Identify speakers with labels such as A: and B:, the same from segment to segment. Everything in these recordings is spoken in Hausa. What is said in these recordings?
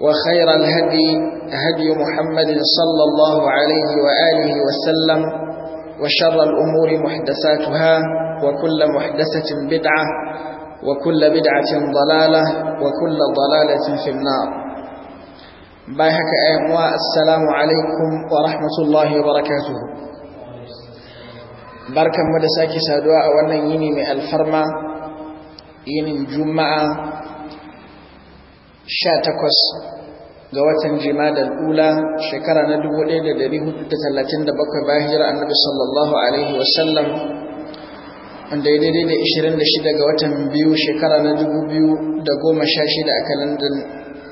A: وخير الهدي هدي محمد صلى الله عليه وآله وسلم وشر الأمور محدثاتها وكل محدثة بدعة وكل بدعة ضلالة وكل ضلالة في النار بايحك أيمواء السلام عليكم ورحمة الله وبركاته بركة مدساكي سادواء ونيني من الفرما ينم جمعة 18 ga watan jimadar ula shekara na 1437 bayan jira annabi sallallahu alaihi wasallam wanda ya daidai da 26 ga watan biyu shekara na 2016 a kalandar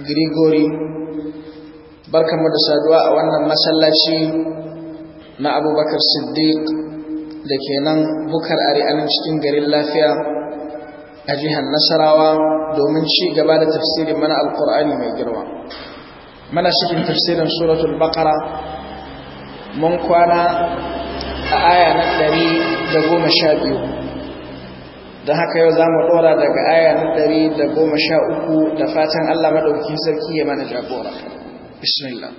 A: grigori mu da saduwa a wannan masallaci na abubakar siddiq da ke nan bukar ari'anin cikin garin lafiya a jihar nasarawa domin ci gaba da tafsirin mana alkur'ani mai girma mana cikin tafsirin suratul baqara mun kwana a aya na ɗari da goma sha biyu don haka yau za mu ɗora daga aya na ɗari da goma sha uku da fatan allah maɗaukakin sarki ya mana jagora bismillah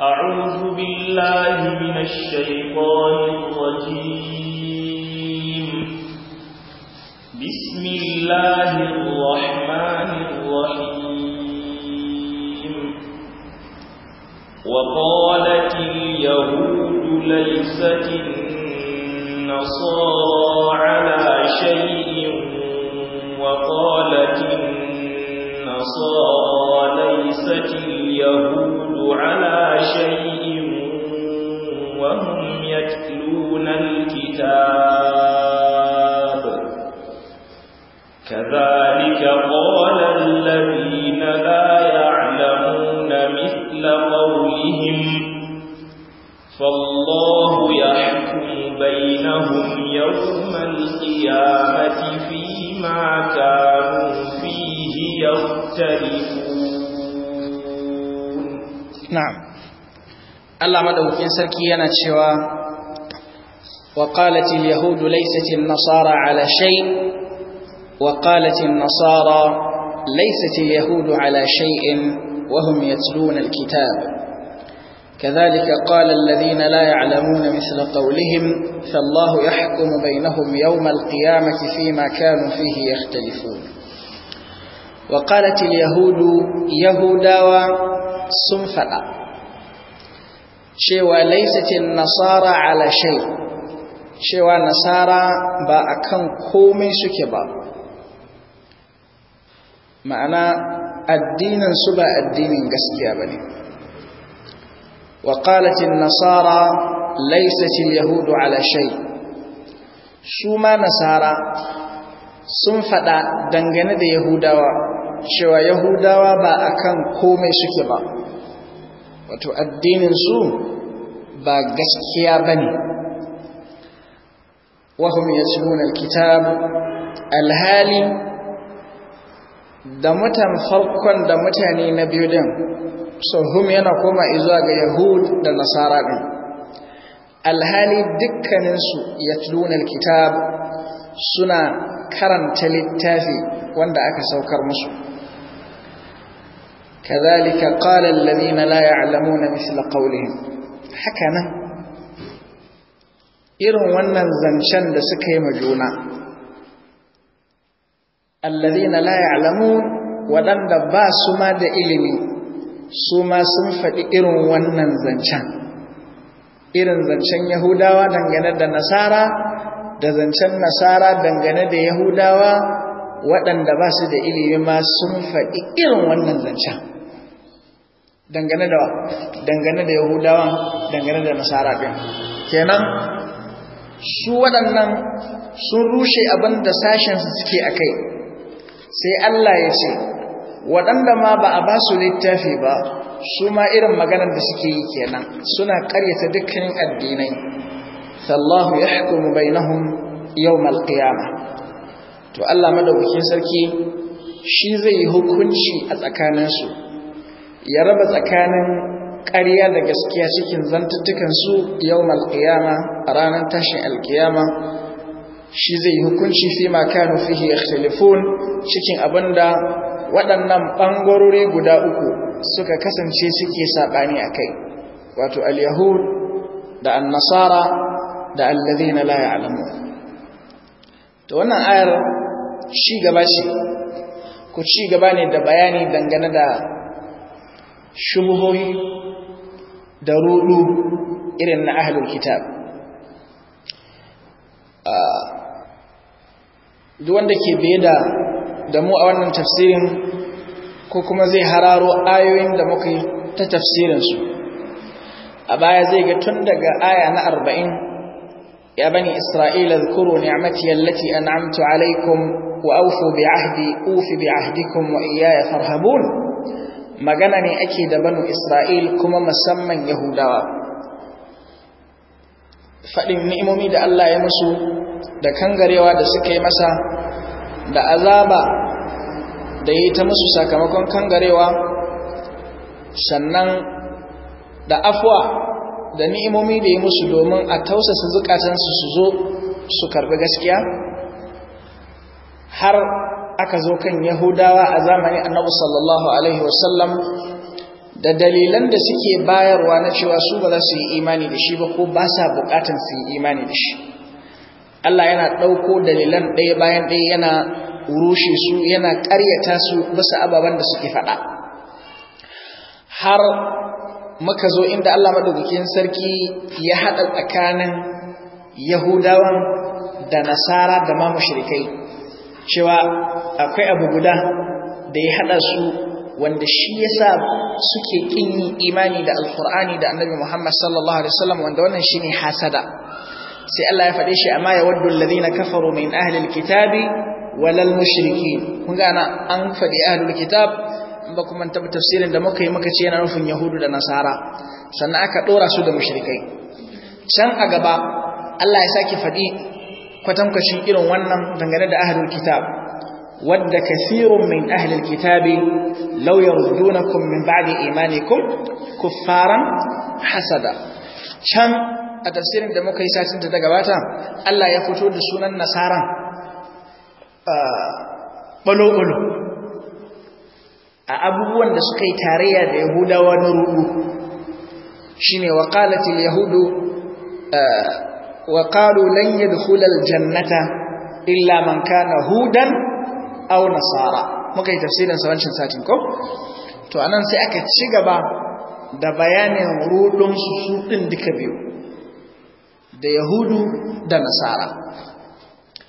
A: أعوذ بالله من الشيطان الرجيم بسم الله الرحمن الرحيم وقالت اليهود ليست النصارى على شيء وقالت النصارى ليست اليهود على شيء وهم يتلون الكتاب كذلك قال الذين لا يعلمون مثل قولهم فالله يحكم بينهم يوم القيامة فيما كانوا فيه يختلفون نعم الله مدعوك إن سركينا شوى وقالت اليهود ليست النصارى على شيء وقالت النصارى ليست اليهود على شيء وهم يتلون الكتاب كذلك قال الذين لا يعلمون مثل قولهم فالله يحكم بينهم يوم القيامة فيما كانوا فيه يختلفون وقالت اليهود يهودا سنفدا شوى ليست النصارى على شيء شوى النصارى با أكن كومي سكبا ma'ana addinin su ba addinin gaskiya bane wa nasara laysat Yahudu alashai su ma nasara sun faɗa dangane da yahudawa cewa yahudawa ba kan komai suke ba wato addinin su ba gaskiya bane ya يتلون الكتاب alhali. da mutan farkon da mutane na biyu din so yana koma izuwa ga yahud da nasara din alhali dukkaninsu yatluna kitab suna karanta littafi wanda aka saukar musu كذلك قال الذين لا يعلمون مثل قولهم hakanan irin wannan zancen da suka yi ma juna alladhina la ya'lamun waɗanda ba su ma da ilimi su ma sun faɗi irin wannan zancen irin zancen yahudawa dangane da nasara da zancen nasara dangane da yahudawa waɗanda ba su da ilimi ma sun faɗi irin wannan zancen dangane da dangane da yahudawa dangane da nasara ɗin kenan su waɗannan sun rushe abin da su suke a kai sai Allah ya ce waɗanda ma ba a ba su littafi ba su ma irin maganar da suke yi kenan suna ƙaryata dukkanin addinai sallahu ya hukumu bainahum yawmal qiyama to Allah madaukakin sarki shi zai yi hukunci a tsakaninsu ya raba tsakanin ƙarya da gaskiya cikin zantuttukansu yawmal qiyama a ranar tashin alkiyama shi zai yi hukunci fi ma kanu fihi ikhtilafun cikin abinda waɗannan bangarori guda uku suka kasance suke sabani akai wato al-yahud da an-nasara da alladhina la ya'lamu to wannan ayar ci gaba shi ku ci gaba ne da bayani dangane da shubuhohi da ruɗu irin na ahlul kitab duk wanda ke biye da da mu a wannan tafsirin ko kuma zai hararo ayoyin da muka yi ta tafsirinsu a baya zai ga tun daga aya na arba'in ya bani isra'ila zukuru ni'amati allati an'amtu alaikum wa aufu bi ahdi ufi bi ahdikum wa iyaya farhabun magana ne ake da banu isra'il kuma musamman yahudawa faɗin ni'imomi da Allah ya musu da kangarewa da suka yi masa da azaba da yi ta musu sakamakon kangarewa sannan da afwa da ni'imomi da yi musu domin a tausasa zukatansu su zo su karɓi gaskiya har aka zo kan yahudawa a zamani annabi sallallahu alaihi wasallam da dalilan da suke bayarwa na cewa su ba za su yi imani da shi ba ko ba sa bukatan su yi imani da shi Allah yana ɗauko dalilan ɗaya bayan ɗaya yana rushe su yana ƙaryata su bisa ababen da suke faɗa har muka zo inda Allah madaukakin sarki ya haɗa tsakanin Yahudawan da Nasara da ma mushrikai cewa akwai abu guda da ya haɗa su wanda shi yasa suke kin imani da alqur'ani da annabi Muhammad sallallahu alaihi wasallam wanda wannan shine hasada sai Allah ya faɗe shi amma ya waddu alladhina kafaru min ahli alkitabi walal mushrikin kun ga an faɗi ahli alkitab ba kuma ta tafsirin da muka yi muka ce yana nufin yahudu da nasara sannan aka dora su da mushrikai can a gaba Allah ya saki faɗi kwatankwacin irin wannan dangane da ahlul kitab wadda kasirun min ahlil kitabi lauyar dunakun min baɗi imanikun kuffaran hasada can a tafsirin da muka yi satin satinta ta gabata? Allah ya fito da sunan nasaran ɓalo-ɓalo a abubuwan da suka yi tarayya da yahudawa na ruɗu. shi ne wa ƙalatin yahudu wa ƙalu lanyar hular jannata illa man kana hudan aw nasara muka yi tafsirin sarancin satin ko to anan sai aka ci gaba da bayanin rudun su su din duka biyu da yahudu da nasara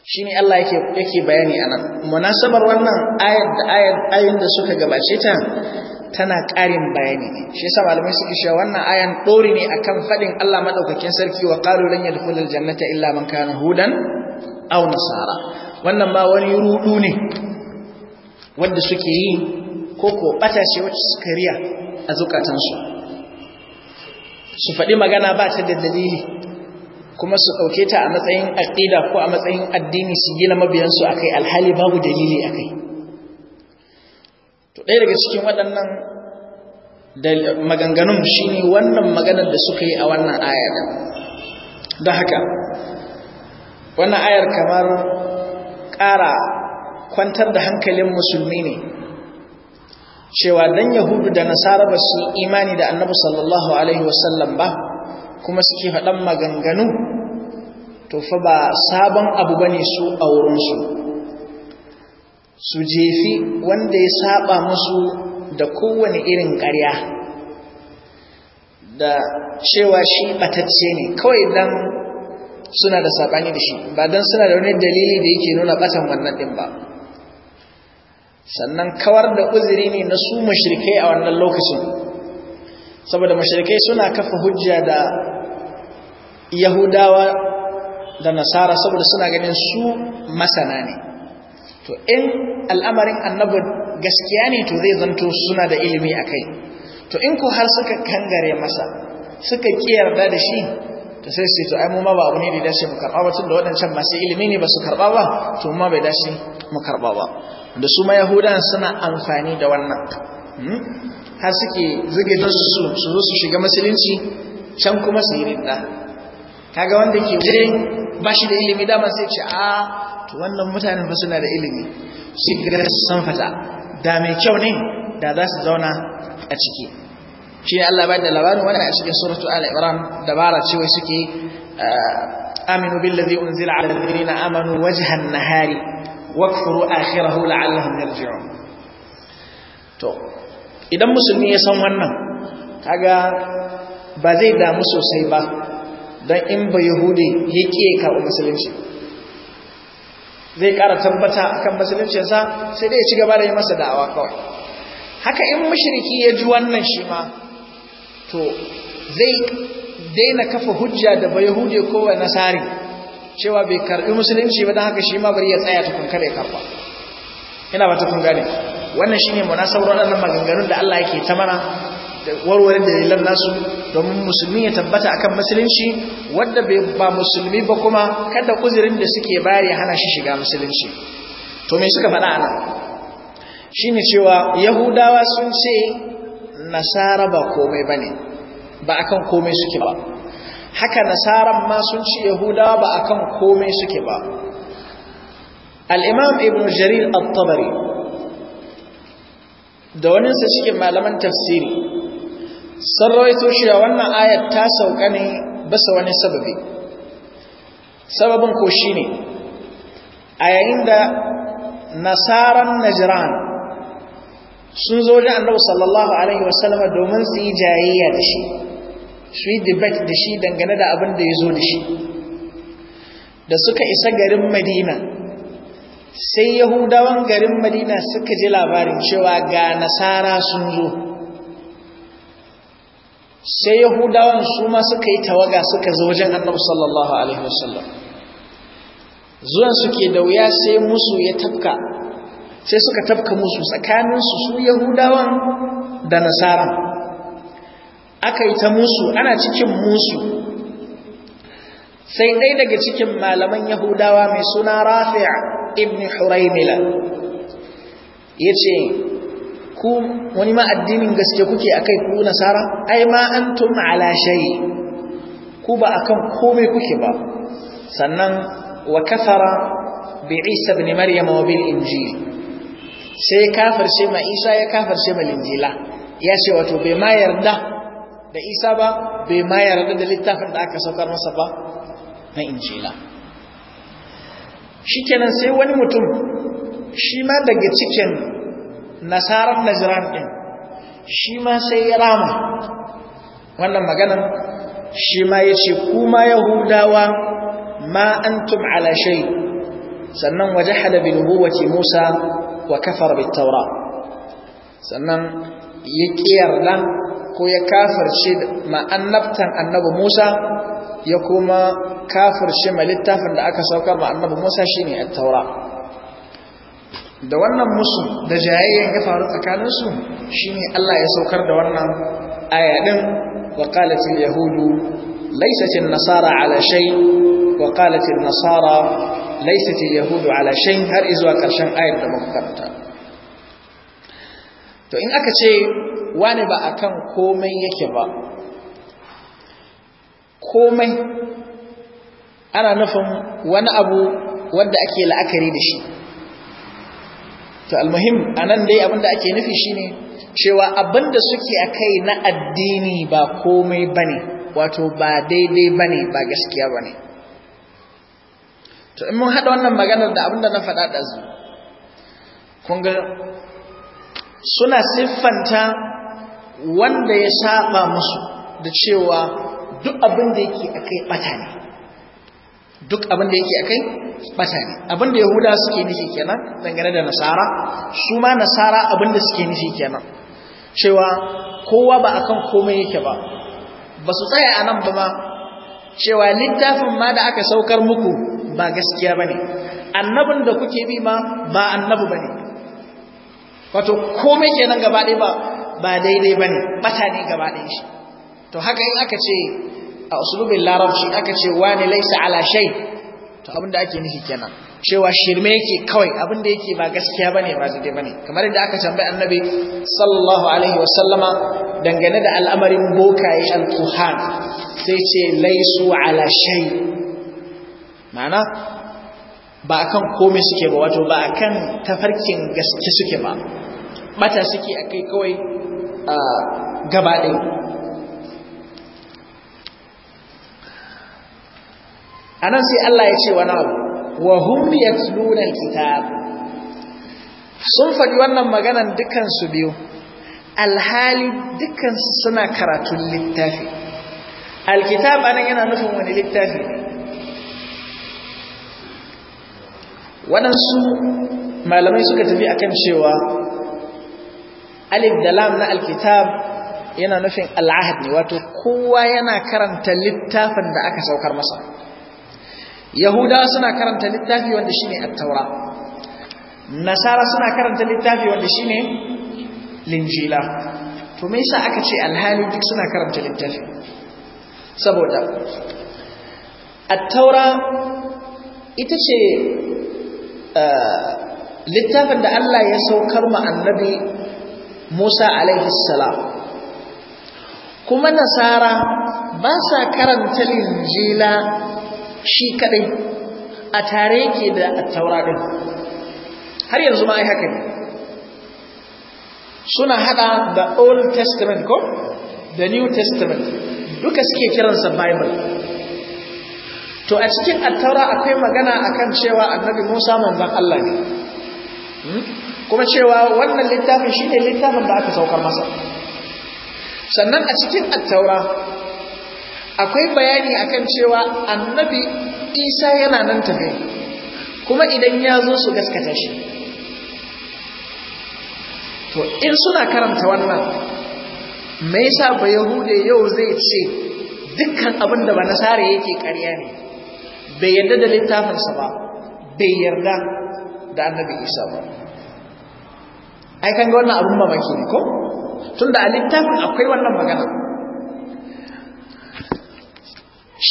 A: shine Allah yake yake bayani anan munasabar wannan ayat da ayat ayin da suka gabace ta tana ƙarin bayani ne shi yasa malamai suke cewa wannan ayan dori ne akan fadin Allah madaukakin sarki wa qalu lan yadkhulul jannata illa man kana hudan aw nasara wannan ma wani rudu ne wanda suke yi ko ko bata ce wacce suka riya a zukatansu su faɗi magana ba ta da dalili kuma su ɗauke ta a matsayin aƙida ko a matsayin addini su gina mabiyansu a kai alhali babu dalili akai. to ɗaya daga cikin waɗannan maganganun shi ne wannan maganar da suka yi a wannan ayar don haka wannan ayar kamar kara kwantar da hankalin musulmi ne cewa dan yahudu da nasara ba su imani da annabi sallallahu alaihi wasallam ba kuma suke faɗan maganganu to fa ba sabon abu bane su a wurinsu su jefi wanda ya saba musu da kowane irin ƙarya da cewa shi ɓatacce ne kawai dan suna da saɓani da shi ba dan suna da wani dalili da yake nuna kasan wannan din ba sannan kawar da uzuri ne na su mushrikai a wannan lokacin saboda mushrikai suna kafa hujja da yahudawa da nasara saboda suna ganin su masana ne to in al'amarin annabi gaskiya ne to zai zanto suna da ilimi a kai. to in ko har suka kangare masa suka kiyarda da shi ta sai sai to ai mu ma ba abu ne ya dace mu karba ba tunda waɗancan masu ilimi ne ba su karba ba to mu ma bai dace mu karba ba da su ma yahudan suna amfani da wannan hmm? har suke zuge da su su zo su shiga musulunci can kuma su yi ridda kaga wanda ke waje ba shi da ilimi dama sai ce a to wannan mutanen ba suna da ilimi su gida su san fata da mai kyau ne da za su zauna a ciki shi allah bai da labarin wannan a cikin suratu al-imran dabara cewa suke ah, aminu billazi unzila ala alladhina amanu wajhan nahari wakfuru akhirahu la'allahum yarji'un to idan musulmi ya san wannan kaga ba zai damu sosai ba don in ba yahudi ya ƙi musulunci zai ƙara tabbata akan musuluncinsa sai dai ya ci gaba da yi masa da'awa kawai haka in mashiriki ya ji wannan shi ma to zai daina kafa hujja da bai hude ko nasari cewa bai karbi musulunci ba don haka shi ma bari ya tsaya tukun kare ya kafa ina ba tukun gane wannan shine munasabar waɗannan maganganun da Allah yake ta mana da warware da dalilan nasu domin musulmi ya tabbata akan musulunci wanda ba musulmi ba kuma kada uzurin da suke bayar ya hana shi shiga musulunci to me suka faɗa ana shine cewa yahudawa sun ce nasara ba komai bane ba akan komai suke ba haka nasaran ma sun ci yahudawa ba akan komai suke ba al-imam ibn jarir at-tabari da waninsa cikin malaman tafsiri sun rawaito shi wannan ayat ta sauka ne bisa wani sababi sababin ko shine a yayin da nasaran najran sun zo da annabi sallallahu alaihi wasallama domin su yi jayayya da shi su yi debat da shi dangane da abin da ya zo da shi da suka isa garin madina sai yahudawan garin madina suka ji labarin cewa ga nasara sun zo sai yahudawan su ma suka yi tawaga suka zo wajen annabi sallallahu alaihi wasallam zuwan suke da wuya sai musu ya tafka sai suka tafka musu tsakaninsu su Yahudawa da nasara aka yi ta musu ana cikin musu sai ɗaya daga cikin malaman yahudawa mai suna rafi' Ibni huraimila ya ce ku wani ma gaske kuke a kai ku nasara ai ma tun ku ba a kan komai kuke ba sannan wa kathara bi isa maryam wa bil inji. sai kafar sai ma isa ya sai ma linjila ya ce wato bai ma yarda da isa ba bai ma yarda da littafin da aka saukar masa ba na injila kenan sai wani mutum shi ma daga cikin nasarar najiran ɗin shi ma sai ya rama wannan maganan shi ma ya ce kuma yahudawa ma antum ala shay sannan waje hada huwace musa wa kafara bit taura sannan ya kiyarda ko ya kafirce ma annabi Musa ya kuma kafirce ma littafin da aka saukar ma annabi Musa shine at-taura da wannan musu da jayayyen ya faru tsakaninsu shine Allah ya saukar da wannan aya din wa qalat yahudu laysat nasara ala shay wa qalat nasara laisatil yahudu ala shay'in har izuwa karshen ayar da muka to in aka ce wani ba akan komai yake ba komai ana nufin wani abu wanda ake la'akari da shi to almuhim anan dai abinda ake nufi shine cewa abinda suke kai na addini ba komai ne? wato ba daidai bane ba gaskiya bane to in mun haɗa wannan maganar da abinda na faɗa ɗazu kun ga suna siffanta wanda ya saba musu da cewa duk abin da yake akai bata ne duk abin da yake akai bata ne abin da yahuda suke nufi kenan dangane da nasara su ma nasara abin da suke nufi kenan cewa kowa ba akan komai yake ba ba su tsaya a nan ba ma cewa littafin ma da aka saukar muku ba gaskiya bane annabin da kuke bi ma ba annabi bane wato komai kenan gaba ɗaya ba ba daidai bane bata ne gaba shi to haka in aka ce a usulubin larabci aka ce wani laisa ala shay to abinda ake nufi kenan cewa shirme yake kawai abinda yake ba gaskiya bane ba daidai bane kamar yadda aka tambayi annabi sallallahu alaihi wa sallama dangane da al'amarin bokaye al-tuhan sai ce laisu ala shay ma'ana ba a kan komai suke ba wato ba akan tafarkin gaske suke ba bata suke a kai kawai a gabaɗin a nan sai Allah ya ce wani abu wa ya yatluna alkitab sun faɗi wannan maganan dukansu biyu alhali dukansu suna karatun littafi alkitab anan yana nufin wani littafi ne waɗansu malamai suka tafi akan cewa alif da lam na alkitab yana nufin al'ahad ne wato kowa yana karanta littafin da aka saukar masa yahudawa suna karanta littafi wanda shine at-taura nasara suna karanta littafi wanda shine linjila to me yasa aka ce alhali duk suna karanta littafi saboda at-taura ita ce Eh, littafin da Allah ya saukar ma annabi Musa alaihi salam kuma nasara ba sa karanta linjila shi kadai a tare yake da taura din har yanzu ma ai haka ne suna hada da old testament ko The new testament duka suke kiransa bible to a cikin attaura akwai magana akan cewa annabi Musa manzon Allah ne hmm? kuma cewa wannan littafin shine littafin da aka saukar masa sannan a cikin attaura akwai bayani akan cewa annabi Isa yana nan tafe kuma idan ya zo su gaskata shi to in suna karanta wannan me yasa ba yahude yau zai ce dukkan abin da ba nasara yake ƙarya ne bai yarda da littafinsa ba bai yarda da annabi isa ba ai kan ga wannan abin mamaki ne ko tunda a littafin akwai wannan magana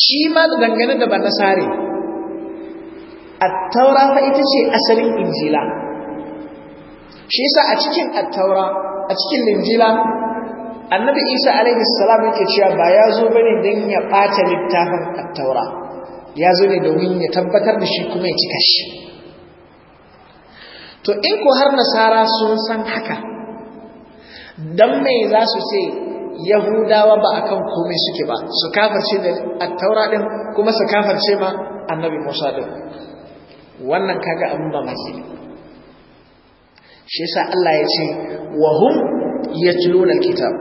A: shi ma dangane da banasare attaura fa ita ce asalin injila shi yasa a cikin attaura a cikin injila annabi isa alaihi salam yake cewa ba ya zo bane dan ya bata littafin attaura ya zo ne domin ya tabbatar da shi kuma ya cika shi to in ko har nasara sun san haka dan me za su ce yahudawa ba kan komai suke ba su kafarce da taura din kuma su kafarce ma annabi musa din wannan kaga abin ba mace shi yasa Allah ya ce wa hum yatluna kitab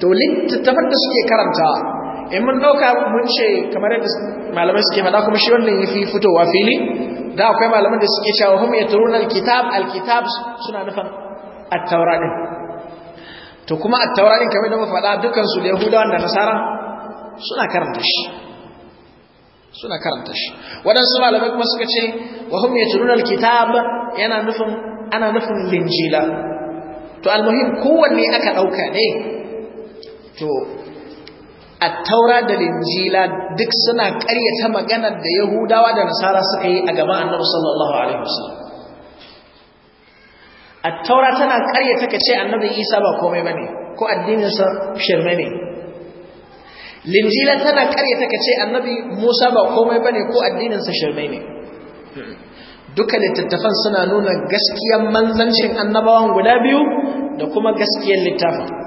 A: to littattafan da suke karantawa in mun ɗauka mun ce kamar yadda malamai suke faɗa kuma shi wannan ya fi fitowa fili da akwai malaman da suke cewa hum yatrun alkitab alkitab suna nufin at-taura din to kuma at-taura din kamar da mu faɗa dukkan su da yahudawa da nasara suna karanta shi suna karanta shi waɗansu malamai kuma suka ce wa hum yatrun alkitab yana nufin ana nufin linjila to almuhim kowanne aka ɗauka ne to التوراة da linjila duk suna ƙaryata maganar da yahudawa da nasara suka yi a gaba annabi sallallahu alaihi wasallam attaura tana ƙaryata ka ce annabi isa ba komai ko addininsa ne linjila tana ƙaryata ka ce annabi musa ba komai bane ko addininsa shirme ne duka littattafan suna nuna gaskiyar manzancin annabawan guda biyu da kuma gaskiyar littafin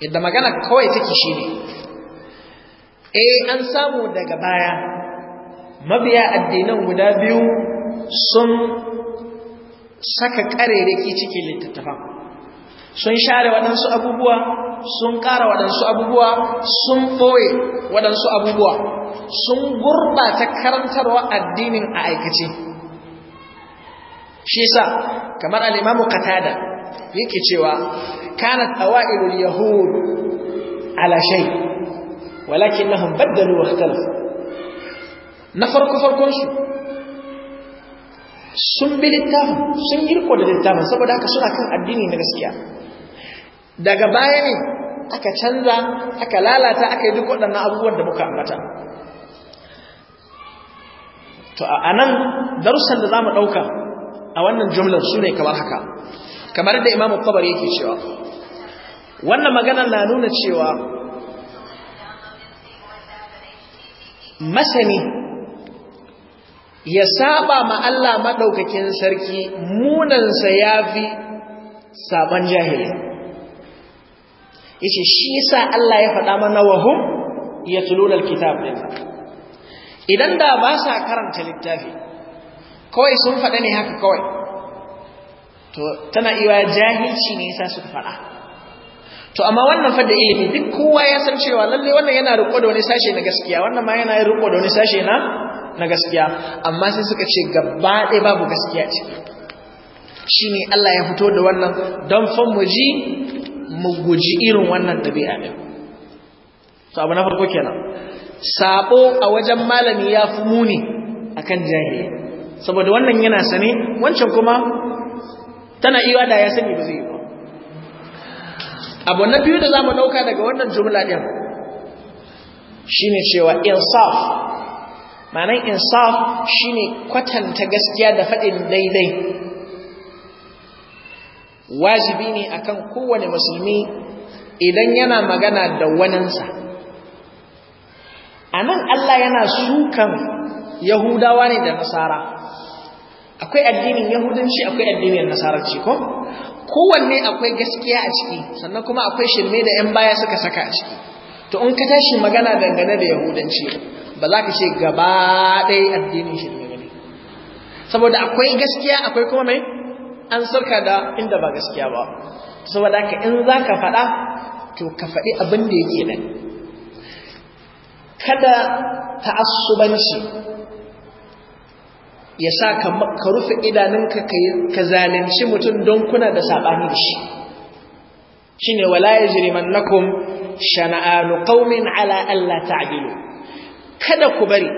A: yadda magana kawai take shi ne eh an samu daga baya mabiya addinan guda biyu sun saka ƙarerake cikin littattafa sun share waɗansu abubuwa sun ƙara waɗansu abubuwa sun ɓoye waɗansu abubuwa sun gurɓata karantarwa addinin a aikace shi sa kamar al'imamu katada yake cewa kanat awailul yahud ala shay walakinnahum badalu wa ikhtalafu na farko farkon su sun bi littafin sun girko da littafin saboda haka suna kan addini na gaskiya daga baya ne aka canza aka lalata aka yi duk waɗannan abubuwan da muka ambata to a nan darussan da za mu ɗauka a wannan jumlar su ne kamar haka kamar da imamu kabar yake cewa wannan magana na nuna cewa masani ya saba ma Allah maɗaukakin sarki munansa ya fi saban jahili ce shi yasa Allah ya faɗa mana wahum yatluna kitab din idan da ba sa karanta littafi kawai sun faɗa ne haka kawai to tana iya jahilci ne yasa suka faɗa to amma wannan fadda ilimi duk kowa ya san cewa lalle wannan yana riko da wani sashe na gaskiya wannan ma yana riko da wani sashe na na gaskiya amma sai suka ce gaba ɗaya babu gaskiya ce shine Allah ya fito da wannan don fan mu mu guji irin wannan ɗabi'a ɗin to abu na farko kenan sabo a wajen malami ya fi muni akan jahili saboda wannan yana sane wancan kuma tana iya da ya sani ba zai yi ba abu na biyu da za mu ɗauka daga wannan jumla ɗin shi ne cewa insaf ma'anan insaf shi ne kwatanta gaskiya da faɗin daidai wajibi ne akan kowane musulmi idan yana magana da waninsa a nan Allah yana sukan yahudawa ne da nasara akwai addinin yahudanci akwai addinin nasaranci ko kowanne akwai gaskiya a ciki sannan kuma akwai shirme da yan baya suka saka a ciki to in ka tashi magana dangane da yahudanci ba za ka ce gaba ɗaya addinin shirme ba ne saboda akwai gaskiya akwai kuma mai an sarka da inda ba gaskiya ba saboda ka in za ka faɗa to ka faɗi abin da yake nan kada ta'assubanci ya sa ka rufe idanunka ka zalunci mutum don kuna da saɓani da shi shi ne wala ya nakum shana'anu ƙaumin ala Allah ta'adilu kada ku bari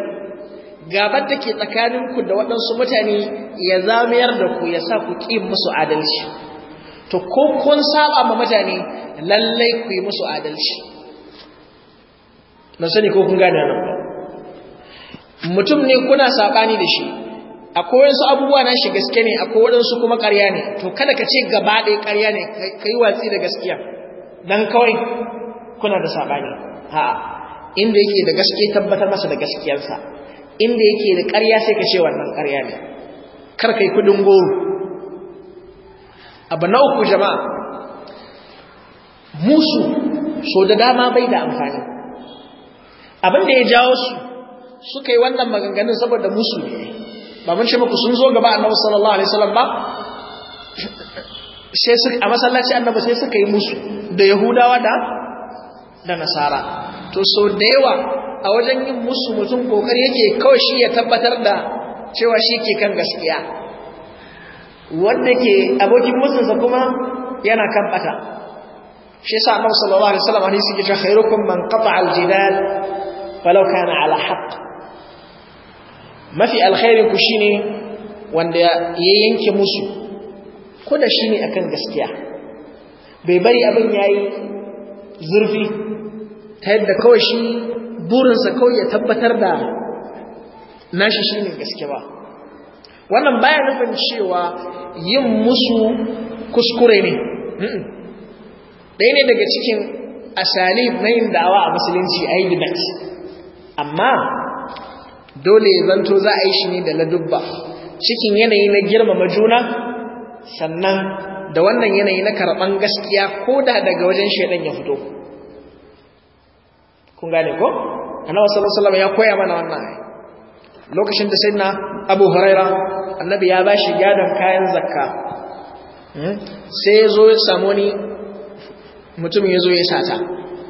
A: gabar da ke tsakaninku da waɗansu mutane ya zamiyar da ku ya sa ku ƙi musu adalci to ko kun saba ma mutane lallai ku yi musu adalci na sani ko kun gane nan mutum ne kuna saɓani da shi akwai wasu abubuwa na shi gaske ne akwai waɗansu kuma ƙarya ne to kada ka ce gaba ɗaya ƙarya ne ka yi watsi da gaskiya don kawai kuna da saɓani ha inda yake da gaske tabbatar masa da gaskiyarsa inda yake da ƙarya sai ka ce wannan ƙarya ne kar ka yi kuɗin goro abu na uku jama'a musu so da dama bai da amfani abin da ya jawo su suka yi wannan maganganun saboda musu ne ba mun ce muku sun zo gaba annabi sallallahu alaihi wasallam ba sai su a masallaci annabi sai suka yi musu da yahudawa da da nasara to so da yawa a wajen yin musu mutum kokari yake kawai shi ya tabbatar da cewa shi ke kan gaskiya wanda ke abokin musulunsa kuma yana kan bata shi yasa annabi sallallahu alaihi wasallam hadisi ke cewa khairukum man qata'a al-jidal walau kana ala haqq mafi alkhairin ku shine wanda ya yanke musu ko da shine akan gaskiya bai bari abin yayi zurfi ta yadda kawai shi burinsa kawai ya tabbatar da nashi shine gaske ba wannan baya nufin cewa yin musu kuskure ne ɗaya ne daga cikin asali na yin da'awa a musulunci a yi amma dole ya zanto za a yi shi ne da dubba cikin yanayi na girmama juna sannan da wannan yanayi na karɓan gaskiya ko da daga wajen shaidan ya fito kun gane ko annabi sallallahu alaihi ya koya mana wannan lokacin da sayyidina abu huraira annabi ya ba shi gadon kayan zakka hmm? sai ya zo ya samu mutum ya zo ya sata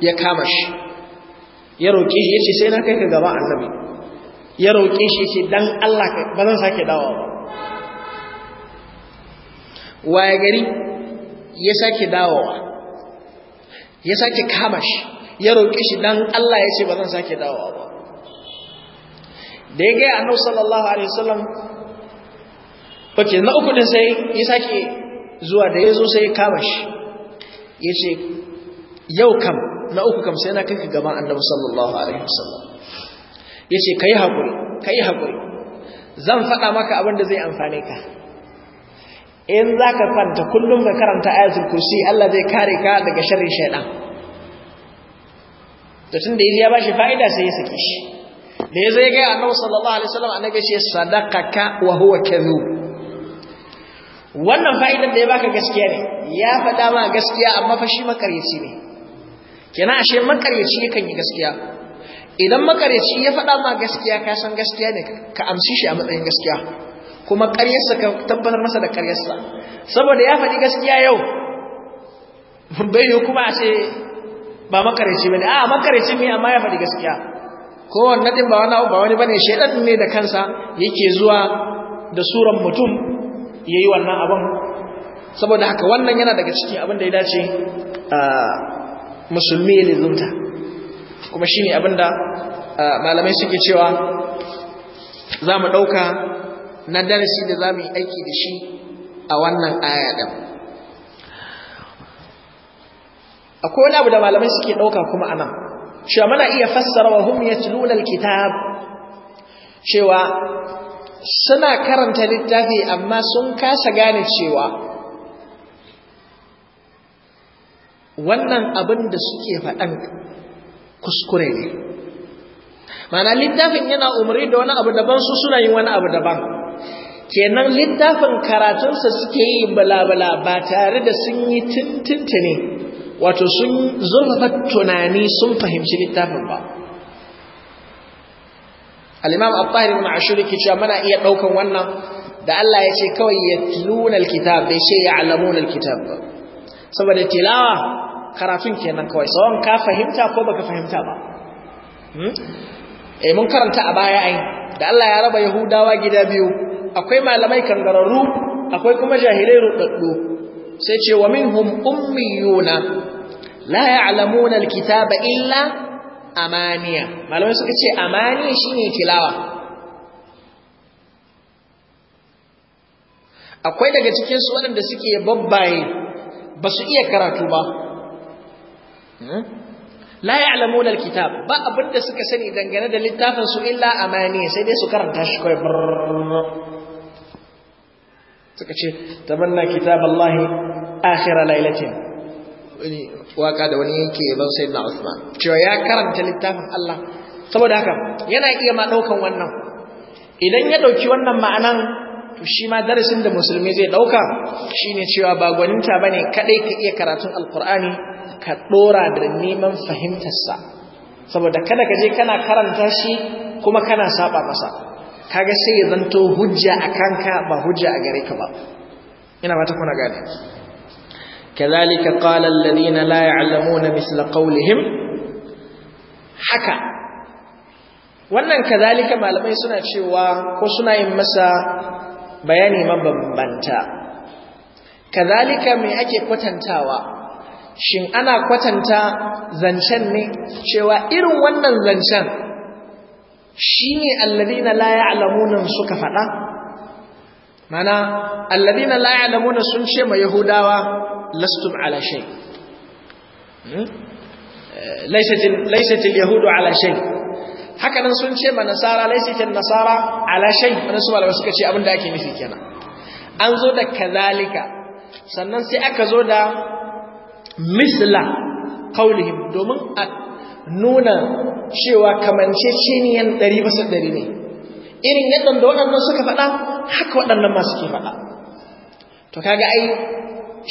A: ya kama shi ya roƙi shi ya ce sai na kai ka gaba annabi ya roƙe shi ce dan Allah ba zan sake dawa ba waye gari ya sake dawowa ya sake kama shi ya roƙe shi dan Allah ya ce ba zan sake dawowa ba da ya gaya annabi sallallahu alaihi wasallam bace na uku din sai ya sake zuwa da ya zo sai ya kama shi ya ce yau kam na uku kam sai na kanka gaban annabi sallallahu alaihi wasallam Yace ce ka yi hakuri, ka zan faɗa maka abin da zai amfane ka in za ka kwanta kullum ka karanta ayatul kursi Allah zai kare ka daga sharrin shaytan to tun da ya ba shi fa'ida sai ya saki shi da ya ga annabi sallallahu alaihi wasallam annabi ce sadaqaka wa huwa kadhub wannan fa'idar da ya baka gaskiya ne ya faɗa ma gaskiya amma fa shi makaryaci ne kenan ashe makaryaci yakan yi gaskiya idan makareci ya faɗa ma gaskiya ka san gaskiya ne ka amshi shi a matsayin gaskiya kuma ƙaryarsa ka tabbatar masa da ƙaryarsa saboda ya faɗi gaskiya yau bai ne kuma a ce ba makareci ba ne a makareci mai amma ya faɗi gaskiya kowane naɗin ba wani ba wani ba ne shaidan ne da kansa yake zuwa da suran mutum ya yi wannan abin saboda haka wannan yana daga cikin abin da ya dace ah, musulmi ya lizunta kuma shi ne abinda uh, malamai suke cewa za mu ɗauka na darasi da za mu yi aiki da shi a wannan aya ɗin akwai wani abu da malamai suke ɗauka kuma a nan cewa muna iya fassara wa hum yatluna alkitab cewa suna karanta littafi amma sun kasa gane cewa wannan abin da suke faɗan kuskure ne mana littafin yana umarni da wani abu daban su suna yin wani abu daban kenan littafin karatunsa suke yi balabala ba tare da sun yi tintintini wato sun zurfafa tunani sun fahimci littafin ba al-imam al-tahir cewa muna iya daukan wannan da Allah ya ce kawai yatluna al-kitab bai ce ya'lamuna al-kitab ba saboda tilawa karatun kenan kawai sawan ka fahimta ko baka fahimta ba hmm? eh mun karanta a baya ai da Allah ya raba yahudawa gida biyu akwai malamai kangararru akwai kuma jahilai rudaddu sai ce wa minhum ummiyuna la ya'lamuna alkitaba illa amaniya malamai suka ce amaniya shine tilawa akwai daga cikin su waɗanda suke babbaye ba su iya karatu ba Hmm? la ya'lamun alkitab ba abinda suka sani dangane da littafin su illa amani sai dai su karanta shi kai suka ce tamanna kitab Allah akhir lailatin wani waka da wani yake ban na Usman cewa ya karanta littafin Allah saboda haka yana iya ma daukan wannan idan ya dauki wannan ma'anan to shi ma darasin da musulmi zai dauka shine cewa ba gwaninta bane kadai ka iya karatun alqur'ani ka ɗora da neman fahimtarsa saboda kada ka je kana karanta shi kuma kana saba masa kaga sai ya zanto hujja a kanka ba hujja a gare ka ba ina ba ta kuna gane كذلك قال الذين لا يعلمون مثل قولهم haka wannan kazalika malamai suna cewa ko suna yin masa bayani mabambanta kazalika me ake kwatantawa shin ana kwatanta zancen ne cewa irin wannan zancen shi ne alladina la alamunan suka faɗa mana alladina la alamunan sun ce ma yahudawa lastum ala shay hmm? eh, yahudu ala Hakanan haka nan sun ce ma nasara laishatil nasara ala shay wannan su malama suka ce abin da ake nufi kenan an zo da kazalika sannan sai aka zo da misla kaulihim domin a nuna cewa kamanceceniyan dari basa dari ne irin yadda da waɗannan suka faɗa haka waɗannan masu ke faɗa to kaga ai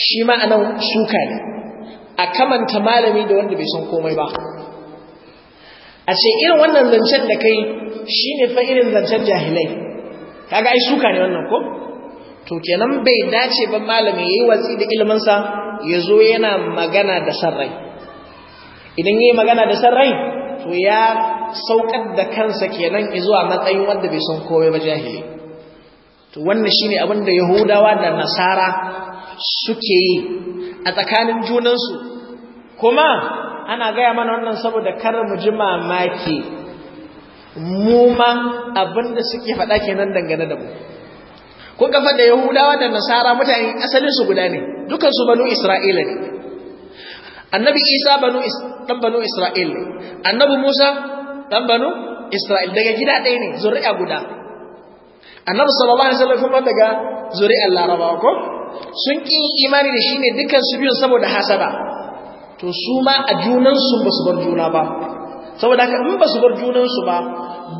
A: shi ma anan suka ne a kamanta malami da wanda bai san komai ba a ce irin wannan zancen da kai shi ne fa irin zancen jahilai kaga ai suka ne wannan ko to kenan bai dace ba malami yi watsi da ilminsa ya zo yana magana da sarrai idan yi magana da sarrai to ya saukar da kansa kenan zuwa matsayin wanda bai san komai ba jahili to wannan shine abin da yahudawa da nasara suke yi a tsakanin junansu kuma ana gaya mana wannan saboda kar mu ji mamaki mu ma abin da suke faɗa kenan dangane da mu kun kafa da yahudawa da nasara mutane asalin su guda ne dukan su banu isra'ila ne annabi isa banu dan banu isra'il ne annabi musa dan banu isra'il daga gida ɗaya ne zuri'a guda annabi sallallahu alaihi wasallam kuma daga zuri'ar larabawa ko sun ki imani da shi ne dukan su biyun saboda hasada to su ma a junansu ba su bar juna ba saboda haka in ba su bar junansu ba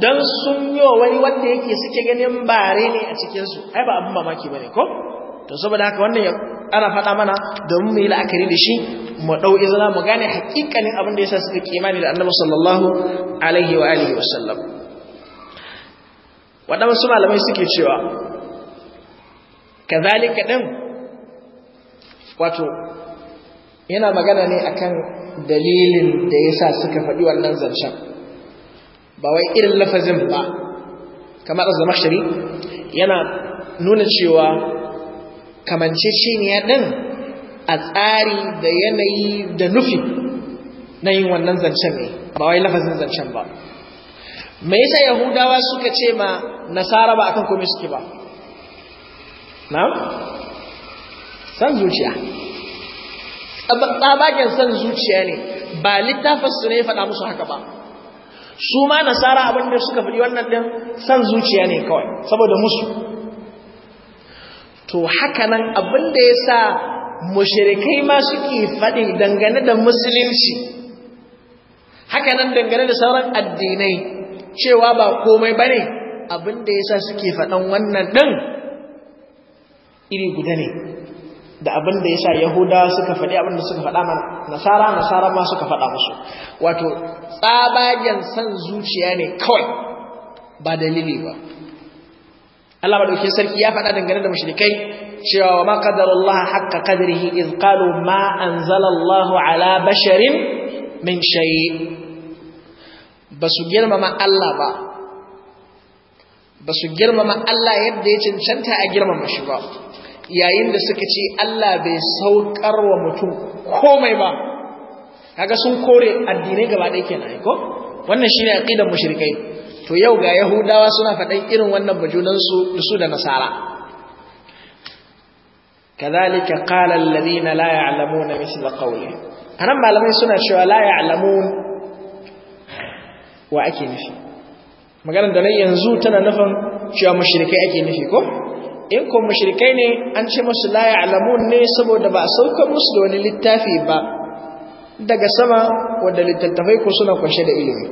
A: dan sun yi wani wanda yake suke ganin bare ne a cikinsu ai ba abin mamaki ba ne ko to saboda haka wannan ya, ana faɗa mana domin mu yi la'akari da shi mu ɗau izina mu gane haƙiƙanin abin da yasa suka kimani da annabi sallallahu alaihi wa alihi wa sallam waɗansu malamai suke cewa kazalika din wato yana magana ne akan dalilin da ya sa suka faɗi wannan zancen ba wai irin lafazin ba kamar az shari yana nuna cewa ya ɗan a tsari da yanayi da nufi na yin wannan zancen ne ba wai lafazin zancen ba me yasa yahudawa suka ce ma nasara ba akan komai suke ba na san zuciya tsabagen san zuciya ne ba littafin su ne ya faɗa musu haka ba su ma nasara abinda suka faɗi wannan ɗin san zuciya ne kawai saboda musu to haka nan abin ya sa mushirikai ma suke faɗi dangane da musulunci haka nan dangane da sauran addinai cewa ba komai ba ne abin ya sa suke faɗan wannan ɗin iri guda ne da abin da yasa yahuda suka faɗi abin da suka faɗa nasara nasara ma suka faɗa musu wato tsabagen san zuciya ne kawai ba dalili ba Allah madauki sarki ya faɗa dangane da mushrikai cewa wa ma Allah haqqa qadrihi iz qalu ma Allah ala basharin min shay basu girmama Allah ba basu girmama Allah yadda ya cancanta a girmama shi ba yayin da suka ce Allah bai saukar wa mutum komai ba kaga sun kore addinai gaba ɗaya kenan ko wannan shine aqidar mushrikai to yau ga yahudawa suna faɗan irin wannan bujunan su su da nasara kadhalika qala alladhina la ya'lamuna misla qawli anan malamai suna cewa la ya'lamun wa ake nufi maganar da nan yanzu tana nufin cewa mushrikai ake nufi ko in ko mushrikai ne an ce musu la ya'lamun ne saboda ba sauka musu da wani littafi ba daga sama wanda littattafai ko suna kwashe da ilimi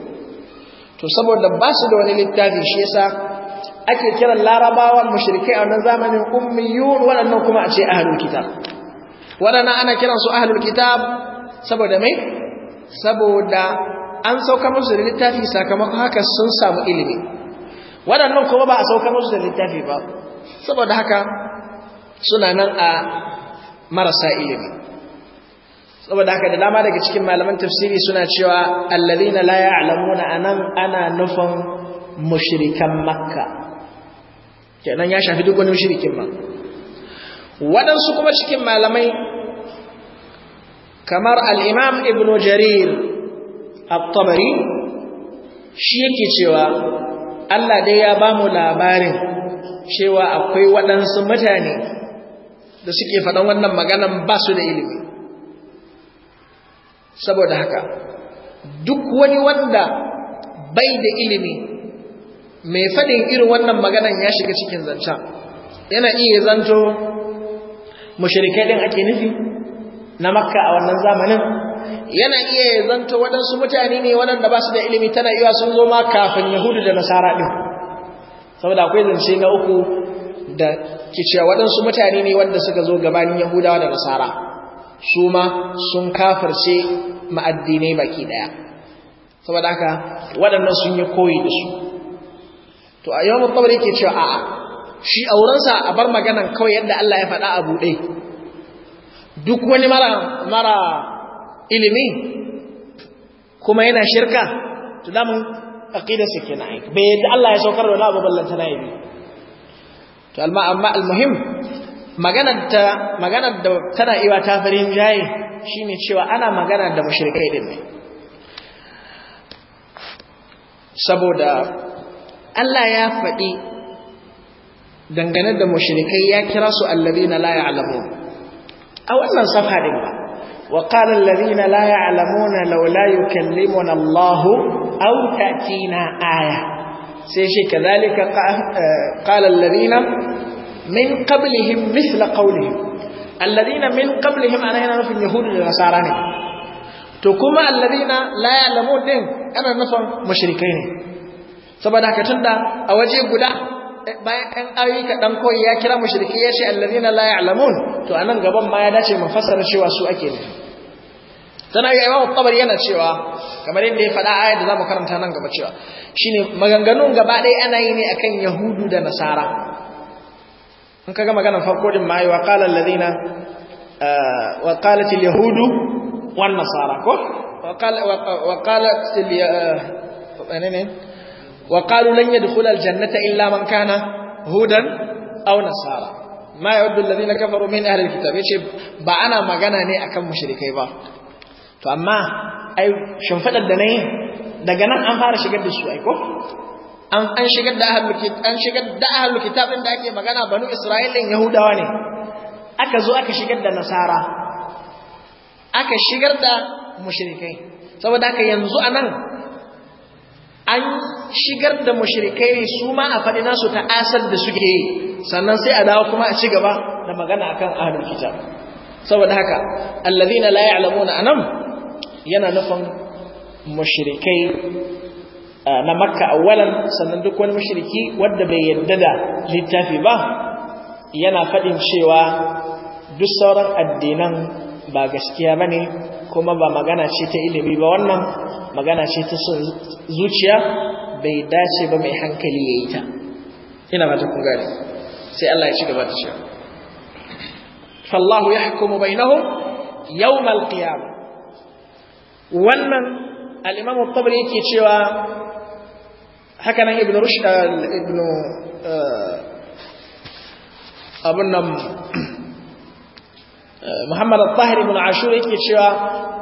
A: to saboda ba su da wani littafi shi yasa ake kiran larabawa mushrikai a wannan zamanin ummiyun waɗannan kuma a ce ahlul kitab waɗannan ana kiran su ahlul kitab saboda mai saboda an sauka musu da littafi sakamakon haka sun samu ilimi waɗannan kuma ba a sauka musu da littafi ba saboda haka suna nan a marasa ilimi saboda haka da dama daga cikin malaman tafsiri suna cewa alladhina la ya'lamuna anan ana nufin mushrikan makka kenan ya shafi duk wani mushrikin ma waɗansu kuma cikin malamai kamar alimam ibnu jarir at shi yake cewa Allah dai ya bamu labarin cewa akwai waɗansu mutane da suke faɗan wannan maganan ba su da ilimi saboda haka duk wani wanda bai da ilimi mai faɗin irin wannan maganan ya shiga cikin zancen yana iya zanto mashirikai ɗin ake nufi na makka a wannan zamanin yana iya zanto waɗansu mutane ne waɗanda ba su da ilimi tana iya sun zo ma kafin yahudu da nasara ɗin saboda akwai zance na uku da ke cewa waɗansu mutane ne wanda suka zo gabanin yahudawa da nasara su ma sun kafarce ma'addinai baki ɗaya saboda haka waɗannan sun yi koyi da su to a yawan mutabari ke cewa a'a shi aurensa a bar maganan kawai yadda Allah ya faɗa a buɗe duk wani mara mara ilimi kuma yana shirka to damun aqidar sa kenan bai yadda Allah ya saukar da wani abu ballanta na yi to amma amma almuhim maganar ta maganar da tana iwa ta farin jaye shine cewa ana magana da mushrikai din saboda Allah ya faɗi dangane da mushrikai ya kira su na la ya'lamun a wannan safa din ba وقال الذين لا يعلمون لو لا يكلمنا الله أو تأتينا آية سيشي كذلك قال الذين من قبلهم مثل قولهم الذين من قبلهم أنا هنا في يهود النصارى تكما الذين لا يعلمون إيه؟ أنا نفهم مشركين saboda haka tunda a bayan ɗan ka ɗan koyi ya kira mushriki ya ce allazina la ya'lamun to a nan gaban ma ya dace mu cewa su ake ne tana ga imamu tabari yana cewa kamar yadda ya faɗa ayar da za mu karanta nan gaba cewa shine maganganun gaba ɗaya ana yi ne akan yahudu da nasara An kaga maganar farko din ma wa qala allazina eh, wa qalat alyahudu wan nasara ko wa qala wa qalat eh, وقالوا لن يدخل الجنة إلا من كان هودا أو نصارى ما يود الذين كفروا من أهل الكتاب يشي بأنا ما قنا ني أكم مشركي با فأما أي شنفتت دني daga nan an fara shigar da su aiko an an shigar da ahlul kitab an shigar da ahlul kitab din da ake magana banu isra'ilin yahudawa ne aka zo aka shigar da nasara aka shigar da mushrikai saboda haka yanzu anan an shigar da mushrikai ne su ma a faɗi nasu ta asar da suke yi sannan sai a dawo kuma a ci gaba da magana akan ahlul kitab saboda haka alladhina la ya'lamuna anam yana nufin mushrikai na makka awalan, sannan duk wani mushriki wanda bai yarda da littafi ba yana faɗin cewa duk sauran addinan ba gaskiya ba ne kuma ba magana ce ta ilimi ba wannan magana ce ta son zuciya bai dace ba mai hankali ya yi ta ina ba ta kun sai Allah ya ci gaba da cewa fallahu ya hukumu bainahu, yau qiyamah wannan Alimamu imam yake cewa haka nan ibnu rushd ibnu eh, abun nan Muhammad al-Tahir ibn Ashur yake cewa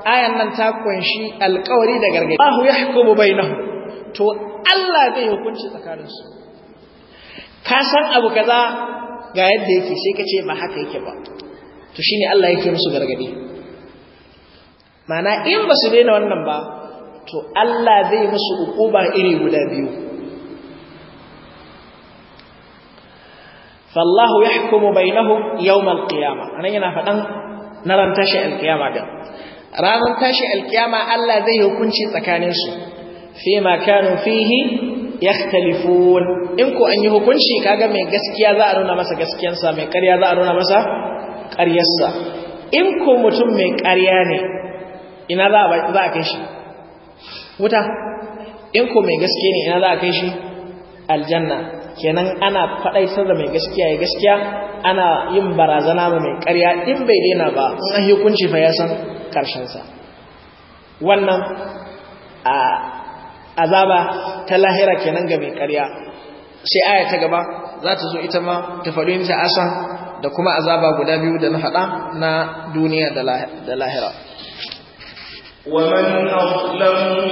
A: ayan nan ta kunshi alƙawari da gargaɗi Allahu yahkumu bainahum to Allah zai hukunci tsakanin su ka san abu kaza ga yadda yake sai ka ce ba haka yake ba to shine Allah yake musu gargaɗi ma'ana in ba su daina wannan ba to Allah zai musu hukuma iri guda biyu fallahu yahkumu bainahum yawm alqiyama anan yana fadan na tashi alqiyama da ranar tashi alqiyama Allah zai hukunci tsakanin su fi ma kanu fihi yakhtalifun in ku an yi hukunci kaga mai gaskiya za a nuna masa gaskiyarsa mai ƙarya za a nuna masa ƙaryarsa in ku mutum mai ƙarya ne ina za a kai shi wuta in ku mai gaskiya ne ina za a kai shi aljanna kenan ana faɗaitar da mai gaskiya ya gaskiya ana yin barazana ma mai ƙarya in bai daina ba in an hukunci fa ya san ƙarshensa wannan azaba ta lahira kenan ga mai ƙarya sai aya ta gaba za ta zo ita ma ta faɗo yin ta'asa da kuma azaba guda biyu da na faɗa na duniya da lahira ومن أظلم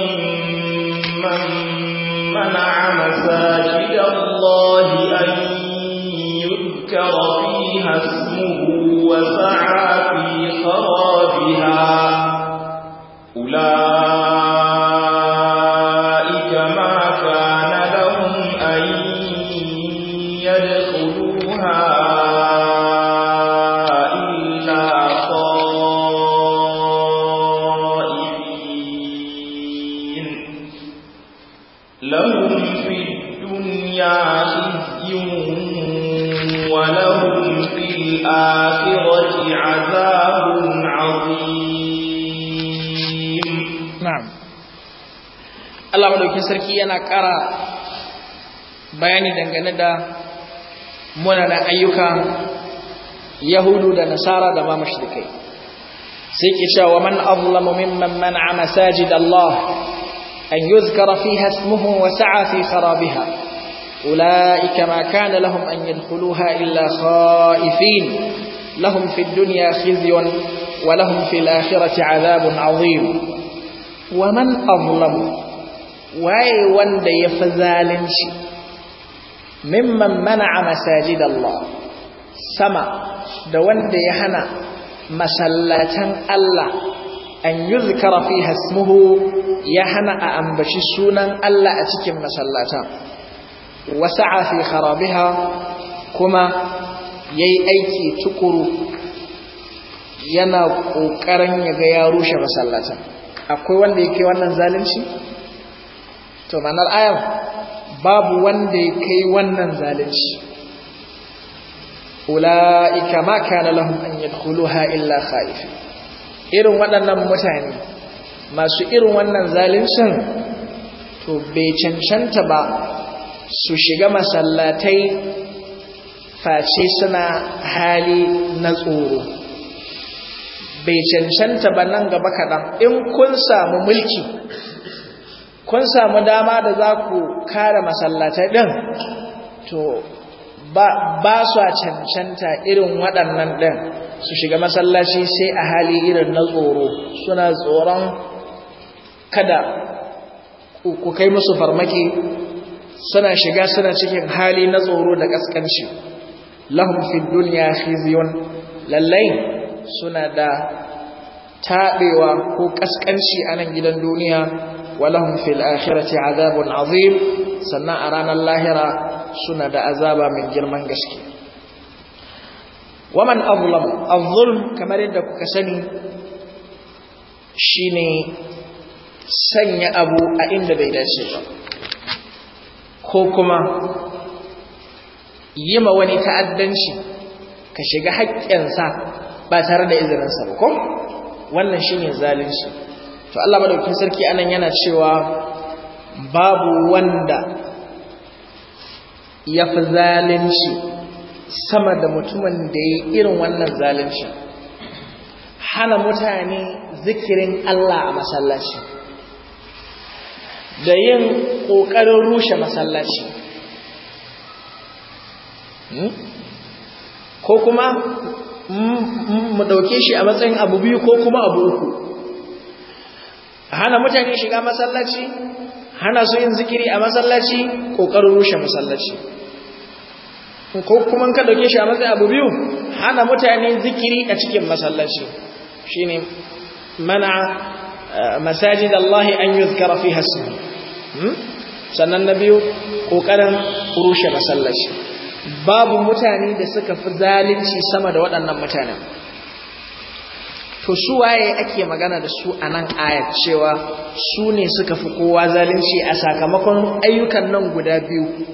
B: ممن منع مساجد الله أن يذكر فيها اسمه وسعى في خرابها
A: أولئك sarki yana ƙara bayani dangane da munanan ayyuka yahudu da nasara da ma mushrikai sai ke cewa man azlamu mimman man'a masajid Allah an yuzkara fiha ismuhu wa sa'a fi kharabiha ulaika ma kana lahum an yadkhuluha illa khaifin lahum fid dunya khizyun wa lahum fil akhirati 'adhabun 'adhim wa man azlamu waye wanda ya fi zalunci mimman mana'a masajid Allah sama da wanda ya hana masallatan Allah an yi zikara fi hasmuhu ya hana a ambaci sunan Allah a cikin masallatan a fi harabiha kuma ya yi aiki tukuru yana ƙoƙarin ya ga ya rushe masallatan akwai wanda ya yake wannan zalunci? to ma'anar ayar babu wanda ya kai wannan zalunci ula'ika ma kana lahum an yadkhuluha illa khaif irin waɗannan mutane masu irin wannan zaluncin to bai cancanta ba su shiga masallatai face suna hali na tsoro bai cancanta ba nan gaba kaɗan in kun samu mulki kun samu dama da za ku kare masallatai ɗin to ba su a cancanta irin waɗannan ɗin su shiga masallaci sai a hali irin na tsoro suna tsoron kada ku kai musu farmaki suna shiga suna cikin hali na tsoro da ƙasƙanci lahun fi duniya fiziyon lallai suna da taɓewa ko ƙasƙanci a nan gidan duniya walahum fil akhirati azabun azim sannan a ranar lahira suna da azaba mai girman gaske waman azlam az-zulm kamar yadda kuka sani shine sanya abu a inda bai dace ba ko kuma yi ma wani ta'addanci ka shiga haƙƙinsa ba tare da izininsa ba ko wannan shine zalunci to Allah madaukakin sarki anan yana cewa babu wanda ya fi zalunci sama da mutumin da ya irin wannan zalunci hana mutane zikirin Allah a masallaci da yin ƙoƙarin rushe masallaci hmm? ko kuma hmm, hmm, mu ɗauke shi a matsayin abu biyu ko kuma abu uku hana mutane shiga masallaci hana su yin zikiri a masallaci kokarin rushe masallaci ko kuma ka dauke shi a matsayin abu biyu hana mutane zikiri a cikin masallaci shine mana eh, masajid Allah an yuzkara fiha ismu hmm? sannan na biyu kokarin rushe masallaci babu mutane da suka fi zalunci sama da waɗannan mutanen to su waye ake magana da su a nan ayat cewa su ne suka fi kowa zalunci a sakamakon ayyukan nan guda biyu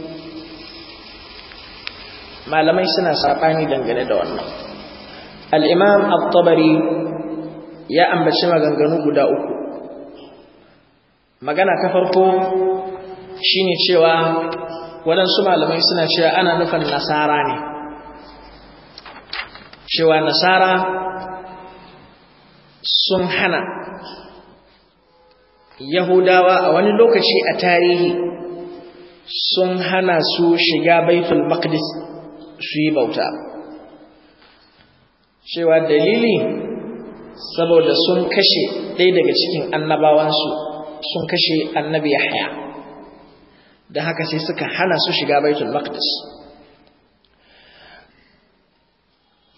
A: malamai suna saɓani dangane da wannan al'imam al ya ambaci maganganu guda uku magana ta farko shine cewa waɗansu malamai suna cewa ana nufin nasara ne cewa nasara sun hana yahudawa a wani lokaci a tarihi sun hana su shiga baitul maqdis su yi bauta cewa dalili saboda sun kashe ɗaya daga cikin annabawansu sun kashe annabi Yahya don haka sai suka hana su shiga baitul maqdis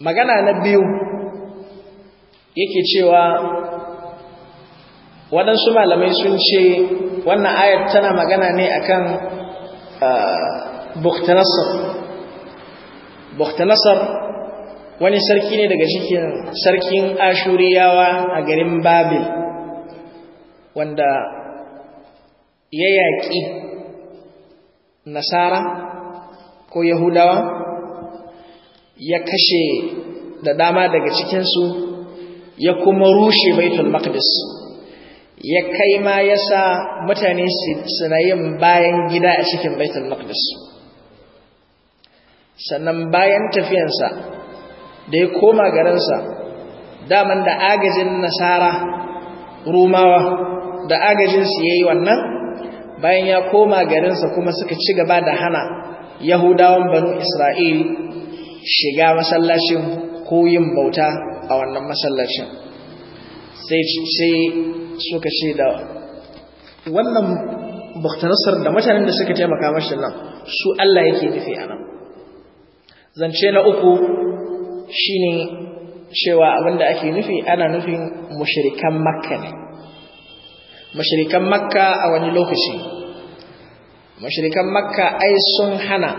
A: magana na biyu yake cewa waɗansu malamai sun ce wannan ayat tana magana ne akan Bukhtanasar Bukhtanasar wani sarki ne daga cikin sarkin ashuriyawa a garin babil wanda ya yaƙi nasara ko yahudawa ya kashe da dama daga cikinsu ya kuma rushe baitul maqdis ya kai ma yasa mutane suna yin bayan gida a cikin baitul maqdis sannan bayan tafiyansa da ya koma garinsa daman da agajin nasara rumawa da agajin ya yi wannan bayan ya koma garinsa kuma suka ci gaba da hana yahudawan banu isra'il shiga masallacin koyin bauta a wannan masallacin sai suka ce da wannan buktanasar da mutanen da suka taimaka mashi nan su Allah yake nufi a nan zance na uku shine cewa abinda ake nufi ana nufin mashirikan makka ne mashirikan makka a wani lokaci mashirikan makka ai sun hana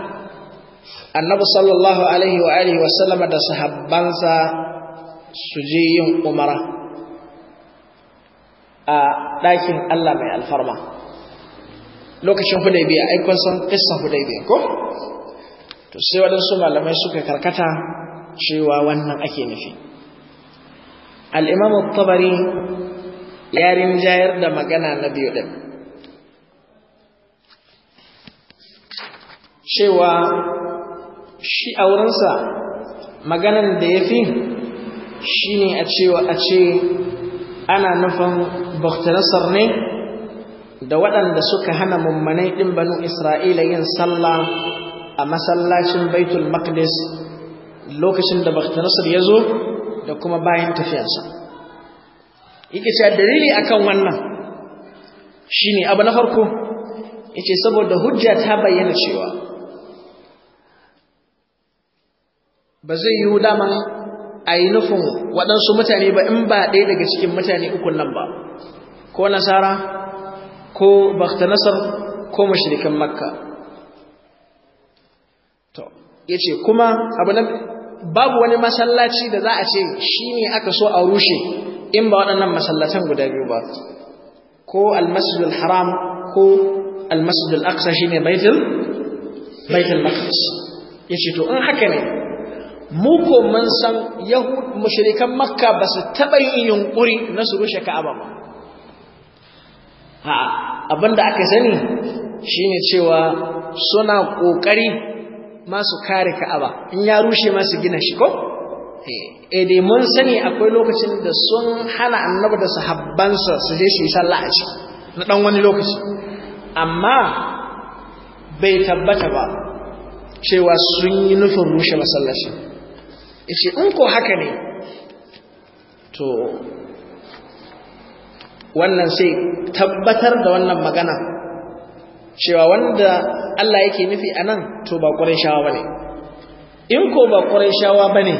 A: annabi sallallahu alaihi wa alihi da sahabbansa su je yin umara a ɗakin Allah mai alfarma lokacin hudaibiya aikon san kissan hudaibiya ko to sai waɗansu malamai suka karkata cewa wannan ake nufi al'imamu tabari ya rinjayar da magana na biyu ɗin cewa shi a wurinsa maganan da ya fi Shi ne a cewa a ce ana nufin baktinasar ne da waɗanda suka hana mummanai ɗin banu isra'ila yin sallah a masallacin baitul maqdis lokacin da baktanasar ya zo da kuma bayan tafiyarsa yake cewa dalili akan wannan Shi ne abu na farko yace saboda hujja ta bayyana cewa ba zai yi daman a yi nufin waɗansu mutane ba in ba ɗaya daga cikin mutane ukun nan ba ko nasara ko bakta nasar ko mashirikan makka to ya ce kuma abu na babu wani masallaci da za a ce shi ne aka so a rushe in ba waɗannan masallatan guda biyu ba ko almasjidul haram ko almasjidul aqsa shi ne baitul baitul maqdis ya ce to in haka ne Muko mun san yahud mushrikan makka ba su taɓa yin yunƙuri na su rushe ka'aba ba A'a abinda aka sani shine cewa suna ƙoƙari masu kare ka'aba in ya rushe masu gina shi ko eh, eh dai mun sani akwai lokacin da sun hana annabi da sahabbansa su je su yi sallah a ciki na dan wani lokaci amma bai tabbata ba cewa sun yi nufin rushe masallaci yace in ko haka ne to wannan sai tabbatar da wannan magana cewa wanda Allah yake nufi anan to ba shawa bane in ko ba shawa bane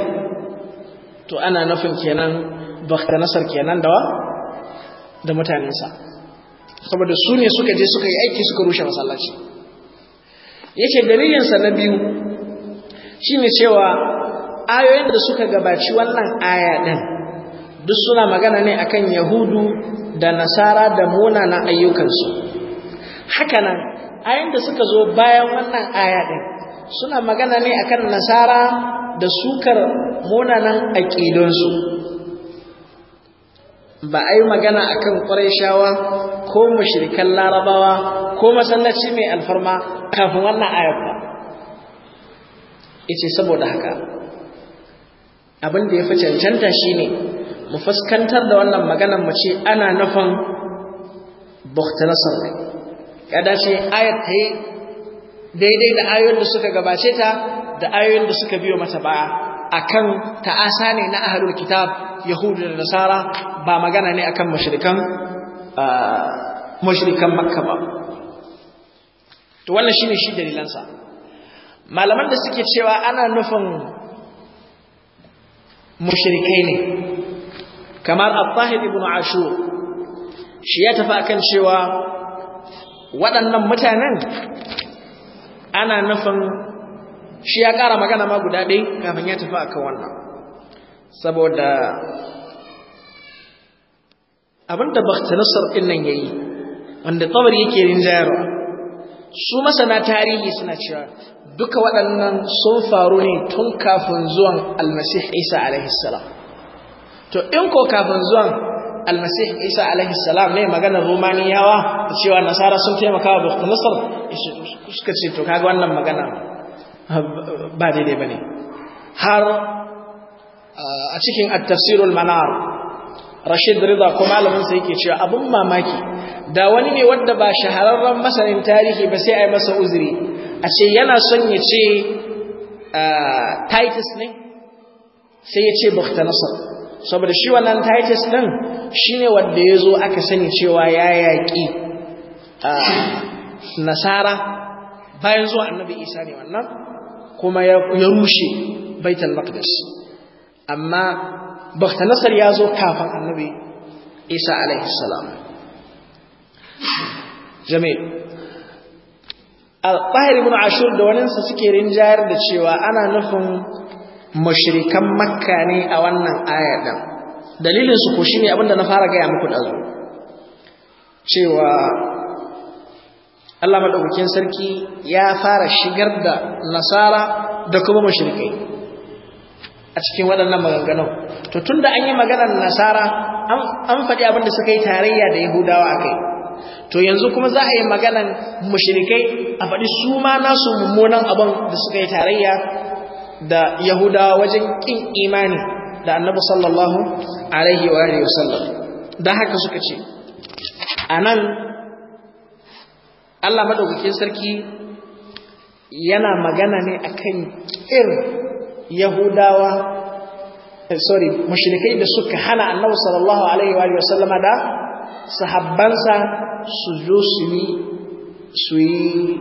A: to ana nufin kenan nasar kenan dawa da mutanensa saboda su ne suka je suka yi aiki suka rushe masallaci yake dalilinsa na biyu shine cewa ayoyin da suka gabaci wannan aya din duk suna magana ne akan yahudu da nasara da munanan ayyukansu nan, ayoyin da suka zo bayan wannan aya din suna magana ne akan nasara da sukar munanan aƙidansu ba a yi magana akan kan shawa ko mashirikan larabawa ko masallaci mai alfarma kafin wannan ayyukan. Ita saboda haka abin da ya fi cancanta shine mu fuskantar da wannan maganar mu ce ana nufin na ne kada shi ayat ta yi daidai da ayoyin da suka gabace ta da ayoyin da suka biyo mata baya akan ta'asa ne na ahalul kitab yahudu da nasara ba magana ne akan mashirikan mashirikan makka ba to wannan shine shi dalilansa. malaman da suke cewa ana nufin mushrikai ne kamar al-tahib ibn ashur shi ya tafi akan cewa waɗannan mutanen ana nufin shi ya ƙara magana ma guda ɗai kafin ya tafi akan wannan saboda abinda bakhtinasar ɗin nan yayi wanda tsabar yake rinjayarwa su masana tarihi suna cewa duka waɗannan sun faru ne tun kafin zuwan almasih isa alaihissalam to in ko kafin zuwan almasih isa alaihissalam ne maganar romaniyawa da cewa nasara sun taimaka wa bukku nasar suka ce to kaga wannan magana ba daidai ba ne har a cikin at-tafsirul manar Rashid Rida ko malamin sa yake cewa abin mamaki da wani ne wanda ba shahararren masanin tarihi ba sai a yi masa uzuri a ce yana son ya ce ah, Titus ne sai ya ce Bakhtanasar saboda shi wannan Titus din shine wanda ya zo aka sani cewa ya yaƙi ah, nasara bayan zuwa annabi Isa ne wannan kuma ya rushe Baitul Maqdis amma baktanasar ya zo kafin annabi isa alaihi salam jamil al-tahir ibn ashur da waninsa suke rinjayar da cewa ana nufin mashirikan makka ne a wannan ayar din dalilin su ko shine da na fara gaya muku da cewa Allah madaukakin sarki ya fara shigar da nasara da kuma mashirikai a cikin waɗannan maganganun to tun da an yi maganar nasara an faɗi abin da suka yi tarayya da yahudawa a kai to yanzu kuma za a yi maganar mushirikai a faɗi su ma nasu mummunan abin da suka yi tarayya da yahudawa wajen ƙin imani da annabi sallallahu alaihi wa alihi wasallam haka suka ce A nan, Allah maɗaukakin sarki yana magana ne a kan irin yahudawa eh, sorry mushrikai da suka hana annabi sallallahu alaihi wa sallam da sahabbansa su zo su yi su yi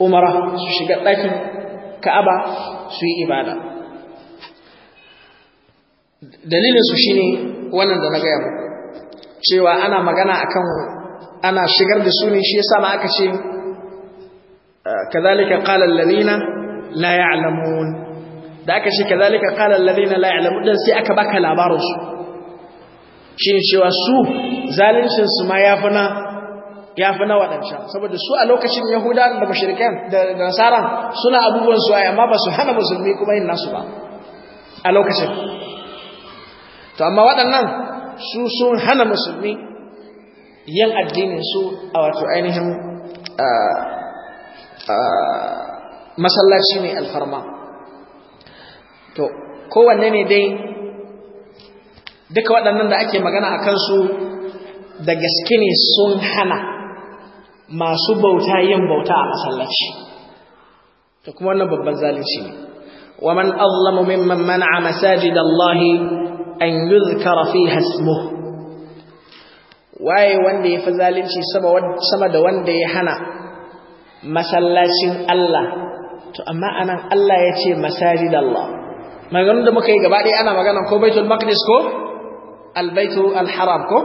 A: umara su shiga ɗakin ka'aba su yi ibada dalilinsu shi ne wannan da na gaya cewa ana magana akan ana shigar da su ne shi yasa ma aka ce ah, kazalika qala alladhina la ya'lamun da aka ce kazalika qala alladhina la ya'lamu dan sai aka baka labarin su Shin cewa su zalincin su ma yafi na yafi na wadanta saboda su a lokacin yahuda da mushrikan da nasara suna abubuwan su amma ba su hana musulmi kuma yin nasu ba a lokacin to amma waɗannan su sun hana musulmi yin addinin su a wato ainihin masallaci ne alfarma to kowanne ne dai duka waɗannan da ake magana a kansu da gaske ne sun hana masu bauta yin bauta a masallaci to kuma wannan babban zalunci ne ومن أظلم ممن منع مساجد الله an يذكر فيها اسمه waye wanda ya fi zalunci sama da wanda ya hana masallacin Allah to amma anan Allah ya ce masajid Allah maganin da muka yi gaba ɗaya ana magana ko baitul maqdis ko albaitu alharam ko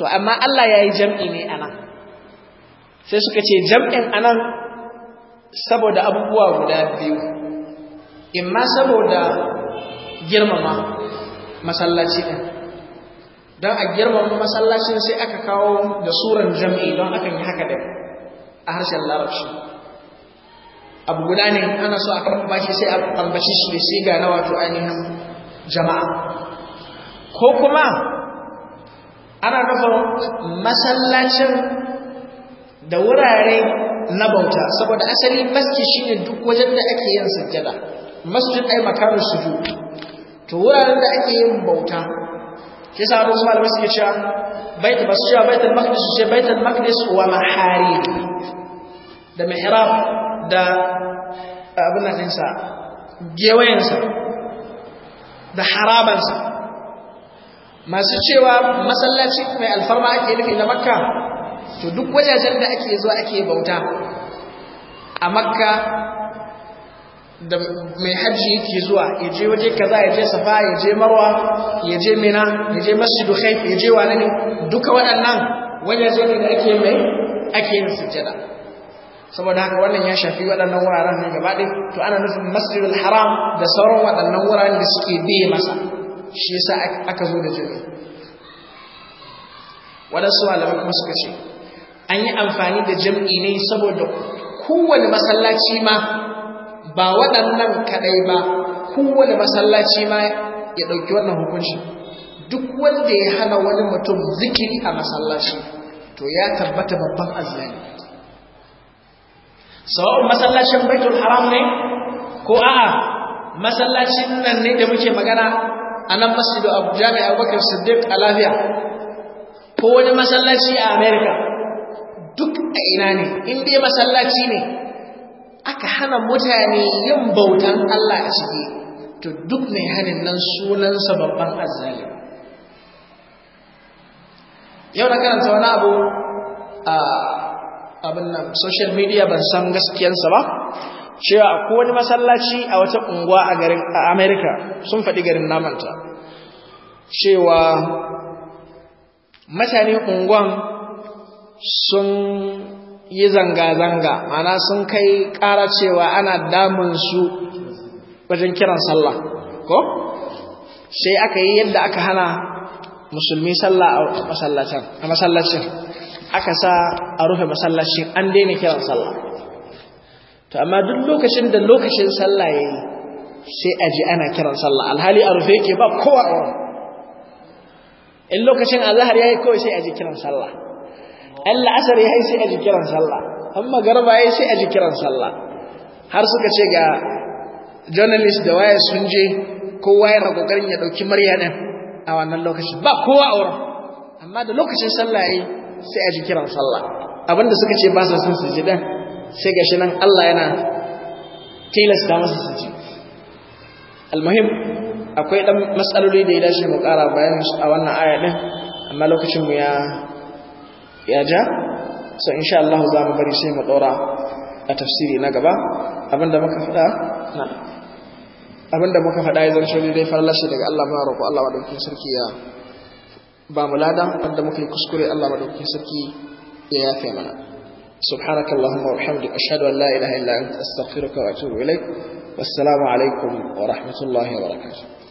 A: to amma Allah ya yi jam'i ne a nan sai suka ce jam'in a nan saboda abubuwa guda biyu imma saboda girmama masallaci ɗin don a girmama masallacin sai aka kawo da suran jam'i don akan yi haka da a harshen larabci abu guda ne ana so a karɓa shi sai a ambaci shi sai ga na wato ainihin jama'a ko kuma ana kafa masallacin da wurare na bauta saboda asali masjid shine duk wajen da ake yin sajjada masjid ai makaru sujud to wuraren da ake yin bauta ke sa Abu Usman suke cewa bait basu cewa baitul maqdis ce baitul maqdis wa maharib da mihrab da abin ɗinsa gewayensa da harabansa masu cewa masallaci mai alfarma ake nufi na makka to duk wajajen da ake zuwa ake bauta a makka da mai hajji yake zuwa ya je waje kaza ya je safa ya je marwa ya je mina ya je masjidu khaif ya je wani duka waɗannan wajaje da ake mai ake yin sujjada saboda haka wannan ya shafi waɗannan wuraren ne gaba ɗaya to ana nufin masjidul haram da sauran waɗannan wuraren da suke biye masa shi yasa aka zo da jami waɗansu malamai kuma suka ce an yi amfani da jam'i ne saboda kowane masallaci ma ba waɗannan kaɗai ba kowane masallaci ma ya ɗauki wannan hukunci duk wanda ya hana wani mutum zikiri a masallaci to ya tabbata babban azzali sawa'un masallacin baitul haram ne ko a'a masallacin nan ne da muke magana a nan masjidu abuja mai abubakar siddiq a lafiya ko wani masallaci a america duk a ina ne in dai masallaci ne aka hana mutane yin bautan allah a ciki to duk mai hanin nan sunansa babban azali yau na karanta wani abu a ah, abin nan social media ban san gaskiyansa ba cewa akwai wani masallaci a wata unguwa a garin a America sun faɗi garin namanta cewa mutane unguwan sun yi zanga-zanga mana sun kai ƙara cewa ana damun su wajen kiran sallah ko sai aka yi yadda aka hana musulmi sallah a masallacin aka sa a rufe masallacin an daina kiran sallah to amma duk lokacin da lokacin sallah yayi sai a ji ana kiran sallah alhali a rufe yake ba kowa a in lokacin azhar yayi kowa sai a ji kiran sallah alla asar yayi sai a ji kiran sallah amma garba yayi sai a ji kiran sallah har suka ce ga journalist da waya sun je kowa yana kokarin ya dauki murya din a wannan lokacin ba kowa a wurin amma da lokacin sallah yayi sai a ji kiran sallah abinda suka ce ba su son sujudan sai gashi nan Allah yana tilasta masa suji almuhim akwai dan matsaloli da ya dace mu kara bayan a wannan aya din amma lokacin mu ya ya ja so insha Allah za mu bari sai mu daura a tafsiri na gaba abinda muka faɗa na abinda muka faɗa ya zarce dai farlashi daga Allah muna roƙo Allah dukkan sarki ya ba mu lada wanda muka yi kuskure Allah madaukakin سبحانك اللهم وبحمدك أشهد أن لا إله إلا أنت أستغفرك وأتوب إليك والسلام عليكم ورحمة الله وبركاته